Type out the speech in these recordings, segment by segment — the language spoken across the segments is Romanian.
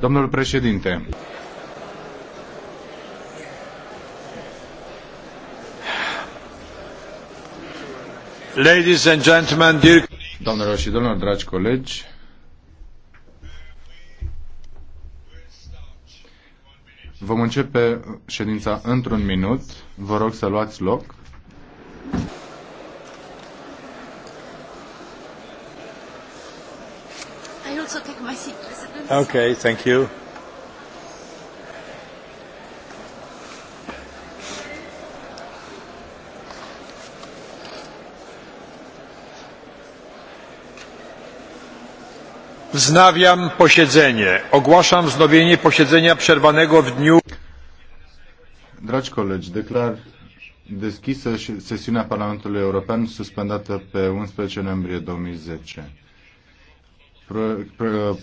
Domnul președinte. Ladies and gentlemen, dear... Domnilor și domnilor, dragi colegi, vom începe ședința într-un minut. Vă rog să luați loc. also take my seat, Okay, thank you. Wznawiam posiedzenie. Ogłaszam wznowienie posiedzenia przerwanego w dniu. Dragi colegi, declar deschisă sesiunea Parlamentului European suspendată pe 11 noiembrie 2010.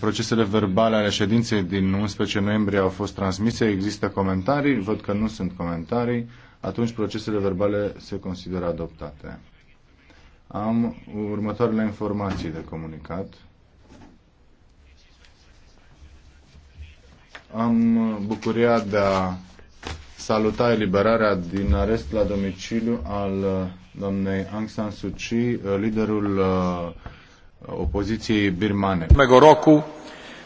Procesele verbale ale ședinței din 11 noiembrie au fost transmise. Există comentarii? Văd că nu sunt comentarii. Atunci procesele verbale se consideră adoptate. Am următoarele informații de comunicat. Am bucuria de a saluta eliberarea din arest la domiciliu al doamnei Aung San Suu Kyi, liderul uh, opoziției birmane. Megoroku,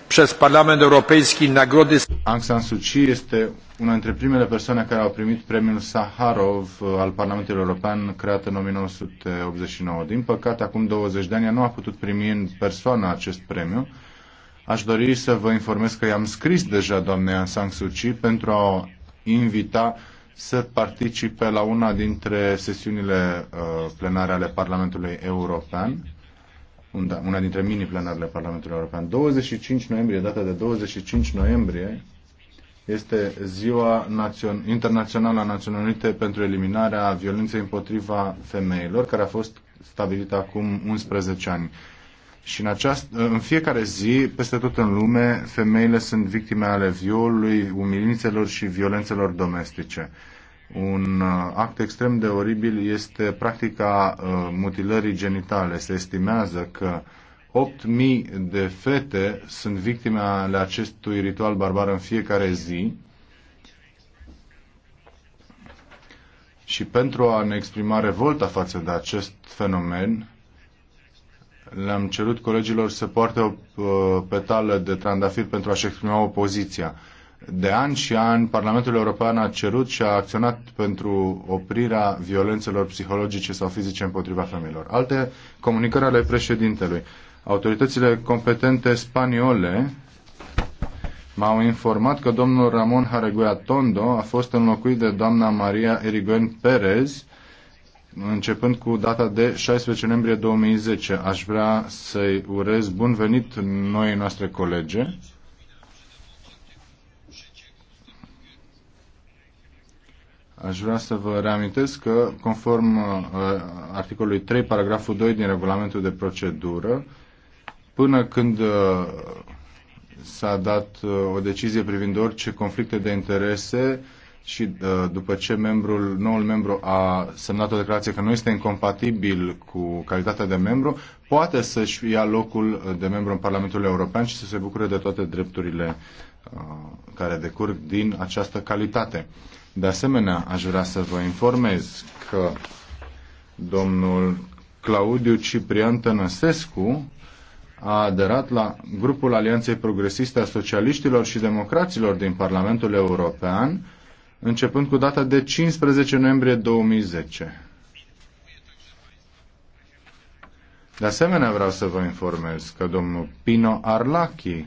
przez Parlament Europejski nagrody... Aung San Suu Kyi este una dintre primele persoane care au primit premiul Saharov uh, al Parlamentului European creat în 1989. Din păcate, acum 20 de ani ea nu a putut primi în persoană acest premiu. Aș dori să vă informez că i-am scris deja doamnei Aung San Suu Kyi pentru a o invita să participe la una dintre sesiunile uh, plenare ale Parlamentului European da, una dintre mini-plenarele Parlamentului European. 25 noiembrie, data de 25 noiembrie, este Ziua Națion- Internațională a Națiunilor Unite pentru eliminarea violenței împotriva femeilor, care a fost stabilită acum 11 ani. Și în, aceast- în fiecare zi, peste tot în lume, femeile sunt victime ale violului, umilințelor și violențelor domestice un uh, act extrem de oribil este practica uh, mutilării genitale. Se estimează că 8.000 de fete sunt victime ale acestui ritual barbar în fiecare zi. Și pentru a ne exprima revolta față de acest fenomen, le-am cerut colegilor să poarte o uh, petală de trandafir pentru a-și exprima opoziția. poziția de ani și ani, Parlamentul European a cerut și a acționat pentru oprirea violențelor psihologice sau fizice împotriva femeilor. Alte comunicări ale președintelui. Autoritățile competente spaniole m-au informat că domnul Ramon Hareguia Tondo a fost înlocuit de doamna Maria Erigoen Perez începând cu data de 16 noiembrie 2010. Aș vrea să-i urez bun venit noi noastre colege Aș vrea să vă reamintesc că, conform uh, articolului 3, paragraful 2 din regulamentul de procedură, până când uh, s-a dat uh, o decizie privind orice conflicte de interese și după ce membrul, noul membru a semnat o declarație că nu este incompatibil cu calitatea de membru, poate să-și ia locul de membru în Parlamentul European și să se bucure de toate drepturile care decurg din această calitate. De asemenea, aș vrea să vă informez că domnul Claudiu Ciprian Tănăsescu a aderat la grupul Alianței Progresiste a Socialiștilor și Democraților din Parlamentul European, începând cu data de 15 noiembrie 2010. De asemenea, vreau să vă informez că domnul Pino Arlachi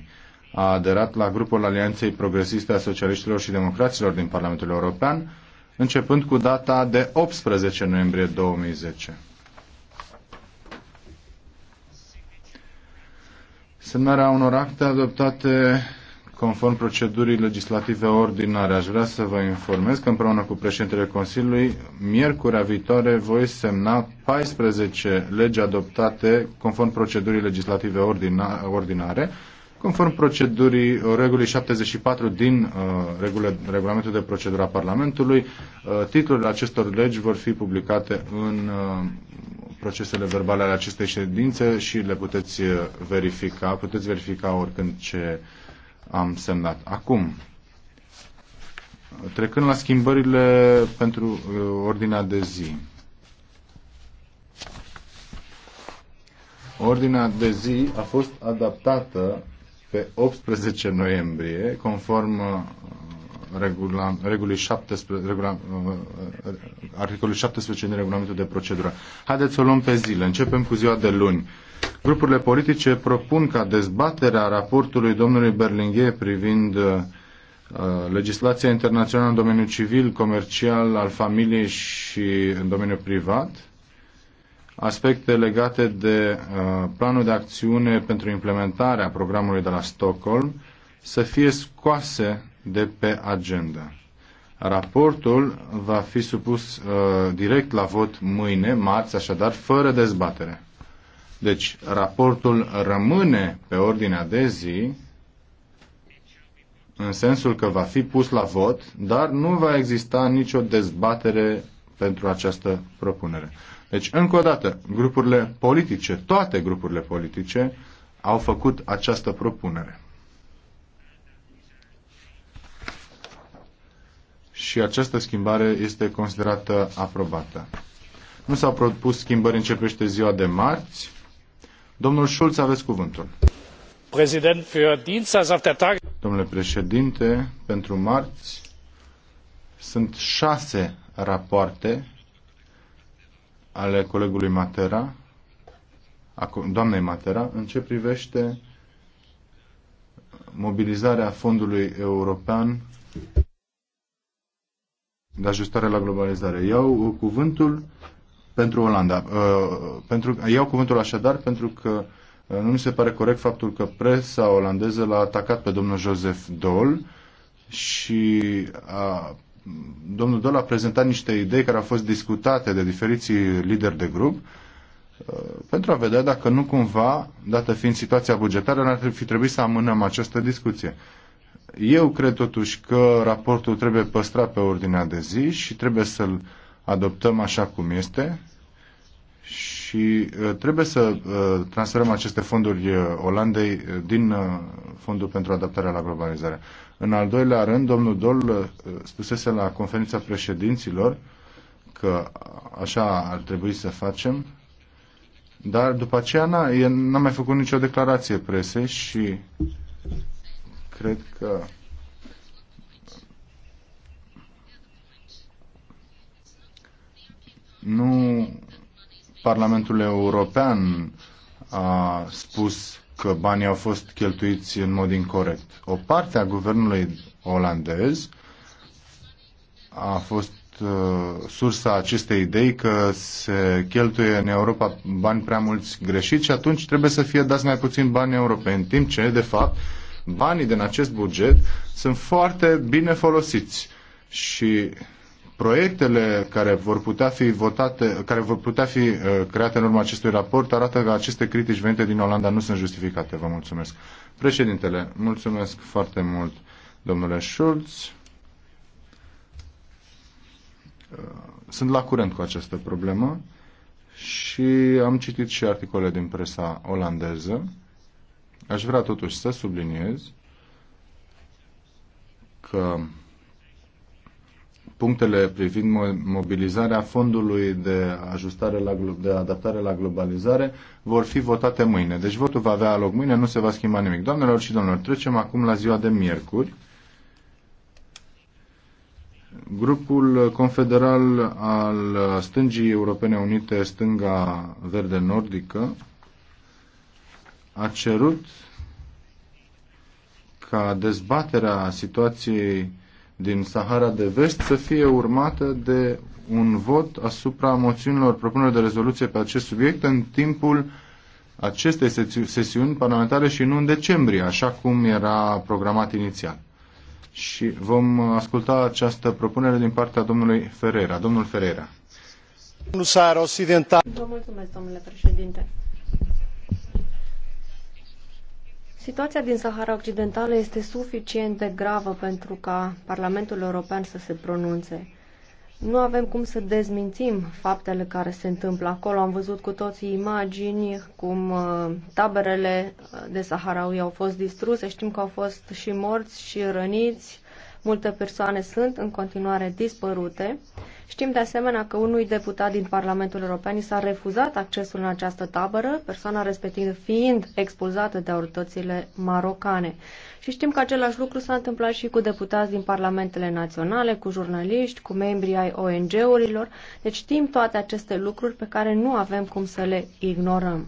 a aderat la grupul Alianței Progresiste a Socialiștilor și Democraților din Parlamentul European, începând cu data de 18 noiembrie 2010. Semnarea unor acte adoptate conform procedurii legislative ordinare. Aș vrea să vă informez că împreună cu președintele Consiliului, miercurea viitoare voi semna 14 legi adoptate conform procedurii legislative ordinare conform procedurii uh, regulii 74 din uh, regulamentul de procedură a Parlamentului. Uh, titlurile acestor legi vor fi publicate în uh, procesele verbale ale acestei ședințe și le puteți uh, verifica, puteți verifica oricând ce am semnat. Acum, trecând la schimbările pentru uh, ordinea de zi. Ordinea de zi a fost adaptată pe 18 noiembrie, conform uh, regula, regulii 17, regula, uh, articolul 17 din regulamentul de procedură. Haideți să o luăm pe zile. Începem cu ziua de luni. Grupurile politice propun ca dezbaterea raportului domnului Berlinghe privind uh, legislația internațională în domeniul civil, comercial, al familiei și în domeniul privat, aspecte legate de uh, planul de acțiune pentru implementarea programului de la Stockholm să fie scoase de pe agenda. Raportul va fi supus uh, direct la vot mâine, marți, așadar, fără dezbatere. Deci, raportul rămâne pe ordinea de zi, în sensul că va fi pus la vot, dar nu va exista nicio dezbatere pentru această propunere. Deci, încă o dată, grupurile politice, toate grupurile politice, au făcut această propunere. Și această schimbare este considerată aprobată. Nu s-au propus schimbări, începește ziua de marți. Domnul Schulz, aveți cuvântul. Domnule președinte, pentru marți sunt șase rapoarte ale colegului Matera, doamnei Matera, în ce privește mobilizarea Fondului European de ajustare la globalizare. Iau cuvântul pentru Olanda. Uh, pentru, iau cuvântul așadar pentru că uh, nu mi se pare corect faptul că presa olandeză l-a atacat pe domnul Joseph Dole și a domnul Dol a prezentat niște idei care au fost discutate de diferiții lideri de grup uh, pentru a vedea dacă nu cumva, dată fiind situația bugetară, n-ar fi trebuit să amânăm această discuție. Eu cred totuși că raportul trebuie păstrat pe ordinea de zi și trebuie să-l adoptăm așa cum este și uh, trebuie să uh, transferăm aceste fonduri uh, Olandei din Fondul pentru Adaptarea la Globalizare. În al doilea rând, domnul Dol spusese la conferința președinților că așa ar trebui să facem, dar după aceea n-a mai făcut nicio declarație prese și cred că nu Parlamentul European a spus că banii au fost cheltuiți în mod incorrect. O parte a guvernului olandez a fost uh, sursa acestei idei că se cheltuie în Europa bani prea mulți greșiți și atunci trebuie să fie dați mai puțin bani europeni, în timp ce, de fapt, banii din acest buget sunt foarte bine folosiți. Și Proiectele care vor putea fi votate, care vor putea fi uh, create în urma acestui raport arată că aceste critici venite din Olanda nu sunt justificate. Vă mulțumesc. Președintele, mulțumesc foarte mult, domnule Schulz. Uh, sunt la curent cu această problemă și am citit și articole din presa olandeză. Aș vrea totuși să subliniez că punctele privind mobilizarea fondului de, ajustare la, de adaptare la globalizare vor fi votate mâine. Deci votul va avea loc mâine, nu se va schimba nimic. Doamnelor și domnilor, trecem acum la ziua de miercuri. Grupul confederal al Stângii Europene Unite, Stânga Verde Nordică, a cerut ca dezbaterea situației din Sahara de Vest să fie urmată de un vot asupra moțiunilor propunerilor de rezoluție pe acest subiect în timpul acestei sesiuni parlamentare și nu în decembrie, așa cum era programat inițial. Și vom asculta această propunere din partea domnului Ferreira. Domnul Ferreira. Vă mulțumesc, domnule președinte. Situația din Sahara Occidentală este suficient de gravă pentru ca Parlamentul European să se pronunțe. Nu avem cum să dezmințim faptele care se întâmplă acolo. Am văzut cu toții imagini cum uh, taberele uh, de Saharaui au fost distruse. Știm că au fost și morți și răniți. Multe persoane sunt în continuare dispărute. Știm de asemenea că unui deputat din Parlamentul European i s-a refuzat accesul în această tabără, persoana respectivă fiind expulzată de autoritățile marocane. Și știm că același lucru s-a întâmplat și cu deputați din parlamentele naționale, cu jurnaliști, cu membrii ai ONG-urilor. Deci știm toate aceste lucruri pe care nu avem cum să le ignorăm.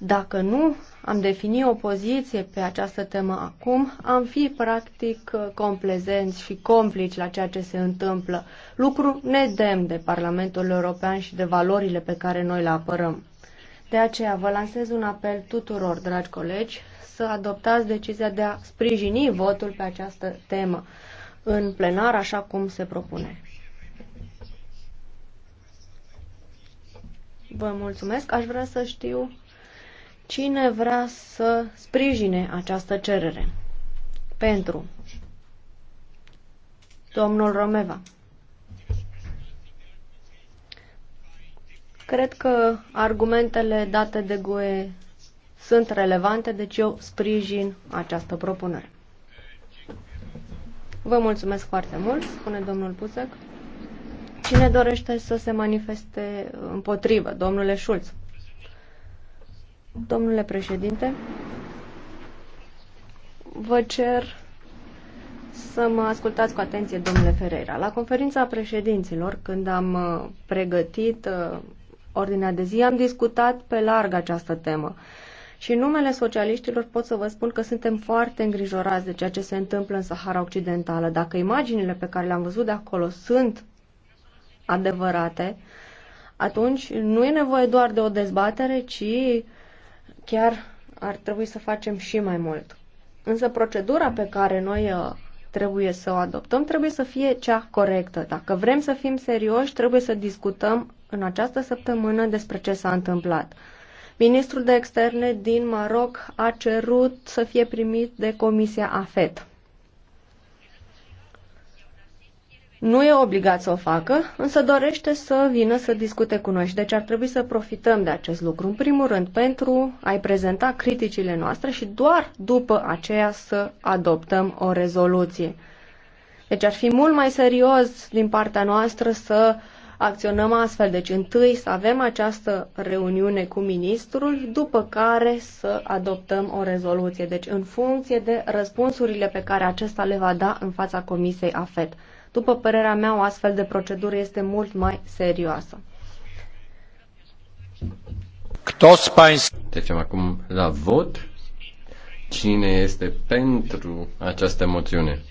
Dacă nu am defini o poziție pe această temă acum, am fi practic complezenți și complici la ceea ce se întâmplă, lucru nedemn de Parlamentul European și de valorile pe care noi le apărăm. De aceea vă lansez un apel tuturor, dragi colegi, să adoptați decizia de a sprijini votul pe această temă în plenar, așa cum se propune. Vă mulțumesc. Aș vrea să știu Cine vrea să sprijine această cerere? Pentru. Domnul Romeva. Cred că argumentele date de GUE sunt relevante, deci eu sprijin această propunere. Vă mulțumesc foarte mult, spune domnul Pusec. Cine dorește să se manifeste împotrivă? Domnule Schulz. Domnule președinte, vă cer să mă ascultați cu atenție, domnule Ferreira. La conferința președinților, când am uh, pregătit uh, ordinea de zi, am discutat pe larg această temă. Și în numele socialiștilor pot să vă spun că suntem foarte îngrijorați de ceea ce se întâmplă în Sahara Occidentală. Dacă imaginile pe care le-am văzut de acolo sunt adevărate, atunci nu e nevoie doar de o dezbatere, ci Chiar ar trebui să facem și mai mult. Însă procedura pe care noi uh, trebuie să o adoptăm trebuie să fie cea corectă. Dacă vrem să fim serioși, trebuie să discutăm în această săptămână despre ce s-a întâmplat. Ministrul de Externe din Maroc a cerut să fie primit de Comisia AFET. Nu e obligat să o facă, însă dorește să vină să discute cu noi și deci ar trebui să profităm de acest lucru, în primul rând, pentru a-i prezenta criticile noastre și doar după aceea să adoptăm o rezoluție. Deci ar fi mult mai serios din partea noastră să acționăm astfel. Deci întâi să avem această reuniune cu ministrul, după care să adoptăm o rezoluție. Deci în funcție de răspunsurile pe care acesta le va da în fața Comisiei AFET. După părerea mea, o astfel de procedură este mult mai serioasă. Păi- Trecem acum la vot. Cine este pentru această moțiune?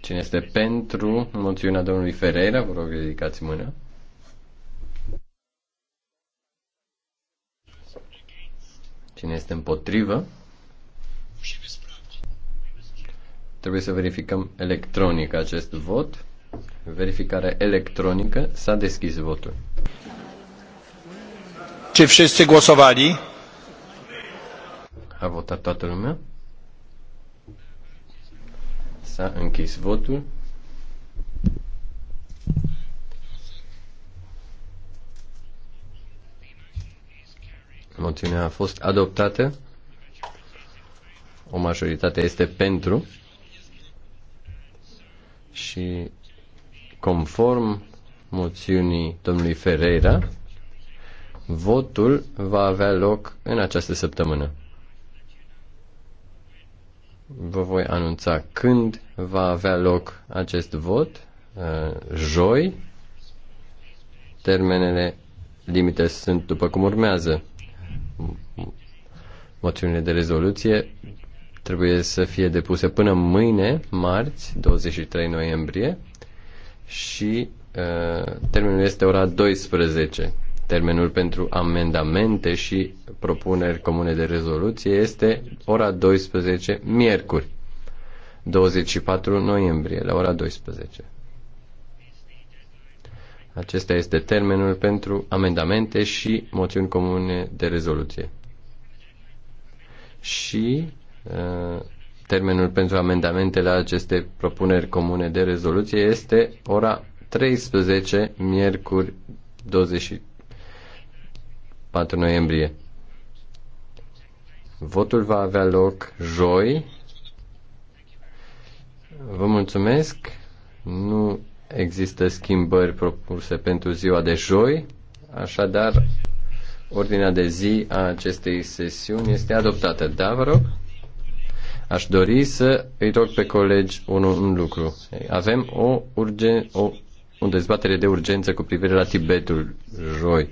Cine este pentru moțiunea domnului Ferreira? Vă rog, ridicați mâna. Cine este împotrivă? Trebuie să verificăm electronic acest vot. Verificare electronică. S-a deschis votul. Ce wszyscy głosowali? A votat toată lumea? S-a închis votul. Moțiunea a fost adoptată. O majoritate este pentru și conform moțiunii domnului Ferreira, votul va avea loc în această săptămână. Vă voi anunța când va avea loc acest vot, uh, joi. Termenele limite sunt după cum urmează. Moțiunile de rezoluție trebuie să fie depuse până mâine, marți, 23 noiembrie, și uh, termenul este ora 12. Termenul pentru amendamente și propuneri comune de rezoluție este ora 12, miercuri, 24 noiembrie, la ora 12. Acesta este termenul pentru amendamente și moțiuni comune de rezoluție. Și Eh, termenul pentru amendamente la aceste propuneri comune de rezoluție este ora 13, miercuri 24 noiembrie. Votul va avea loc joi. Vă mulțumesc. Nu există schimbări propuse pentru ziua de joi, așadar ordinea de zi a acestei sesiuni este adoptată. Da, vă rog? Aș dori să îi rog pe colegi unul un lucru. Avem o, urgen, o, o dezbatere de urgență cu privire la Tibetul joi.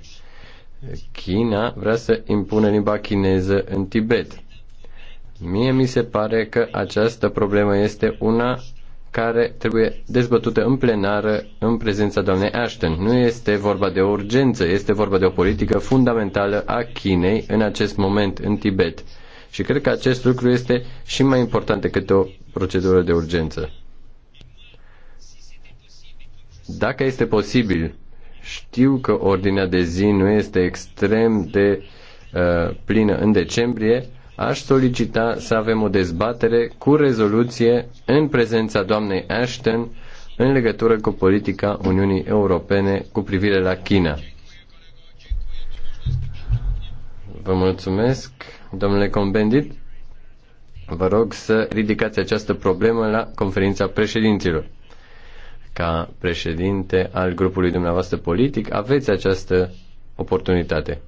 China vrea să impună limba chineză în Tibet. Mie mi se pare că această problemă este una care trebuie dezbătută în plenară în prezența doamnei Ashton. Nu este vorba de o urgență, este vorba de o politică fundamentală a Chinei în acest moment în Tibet. Și cred că acest lucru este și mai important decât o procedură de urgență. Dacă este posibil, știu că ordinea de zi nu este extrem de uh, plină în decembrie, aș solicita să avem o dezbatere cu rezoluție în prezența doamnei Ashton în legătură cu politica Uniunii Europene cu privire la China. Vă mulțumesc, domnule Combendit. Vă rog să ridicați această problemă la conferința președinților. Ca președinte al grupului dumneavoastră politic, aveți această oportunitate.